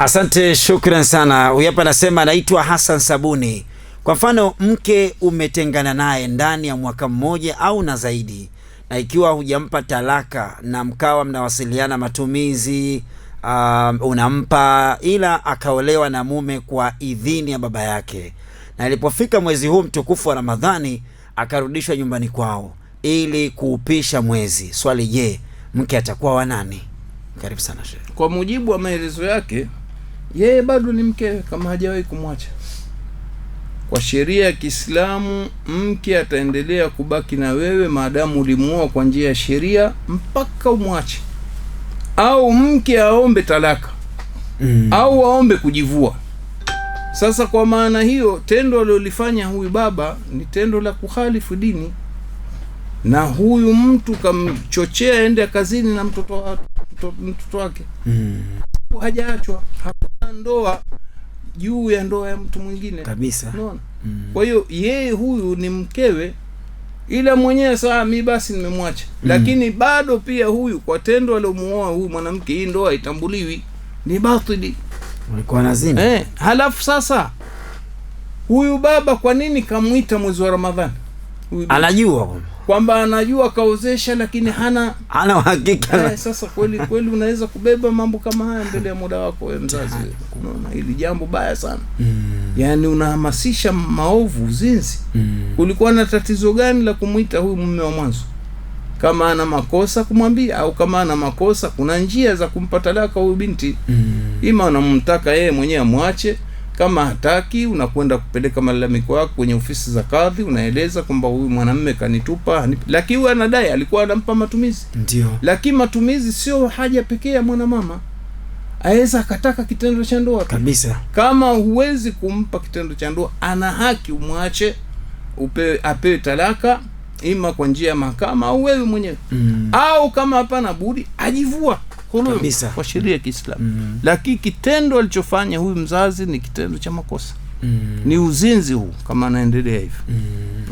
Asante, shukran sana. Huyu hapa anasema anaitwa Hassan Sabuni. Kwa mfano, mke umetengana naye ndani ya mwaka mmoja au na zaidi, na ikiwa hujampa talaka na mkawa mnawasiliana matumizi, um, unampa, ila akaolewa na mume kwa idhini ya baba yake, na ilipofika mwezi huu mtukufu wa Ramadhani akarudishwa nyumbani kwao ili kuupisha mwezi. Swali: je, mke atakuwa wa nani? Karibu sana shehe. Kwa mujibu wa maelezo yake yeye bado ni mkewe kama hajawahi kumwacha. Kwa sheria ya Kiislamu, mke ataendelea kubaki na wewe maadamu ulimuoa kwa njia ya sheria mpaka umwache, au mke aombe talaka mm, au aombe kujivua. Sasa kwa maana hiyo, tendo aliolifanya huyu baba ni tendo la kuhalifu dini, na huyu mtu kamchochea aende kazini na mtoto wake mm, hajaachwa hapo ndoa juu ya ndoa ya mtu mwingine kabisa. Unaona? mm -hmm. Kwa hiyo yeye huyu ni mkewe, ila mwenyewe saa ah, mi basi nimemwacha. mm Lakini bado pia huyu kwa tendo aliomuoa huyu mwanamke, hii ndoa haitambuliwi, ni batili, walikuwa eh. Halafu sasa huyu baba kwa nini kamwita mwezi wa Ramadhani? anajua kwamba anajua kaozesha, lakini hana hana uhakika eh. Sasa kweli kweli unaweza kubeba mambo kama haya mbele ya muda wako wewe mzazi, unaona hili jambo baya sana mm. Yaani unahamasisha maovu, uzinzi mm. Ulikuwa na tatizo gani la kumwita huyu mume wa mwanzo? Kama ana makosa kumwambia, au kama ana makosa, kuna njia za kumpa talaka huyu binti mm. Ima anamtaka yeye mwenyewe amwache kama hataki, unakwenda kupeleka malalamiko yako kwenye ofisi za kadhi, unaeleza kwamba huyu mwanamume kanitupa, lakini huyu anadai alikuwa anampa matumizi. Ndio, lakini matumizi sio haja pekee ya mwanamama aweza akataka kitendo cha ndoa kabisa. Kama huwezi kumpa kitendo cha ndoa, ana haki umwache, upe apewe talaka, ima kwa njia ya mahakama au wewe mwenyewe mm. au kama hapana budi ajivua huru kwa sheria ya Kiislamu mm. Lakini kitendo alichofanya huyu mzazi ni kitendo cha makosa mm. Ni uzinzi huu kama anaendelea hivyo mm.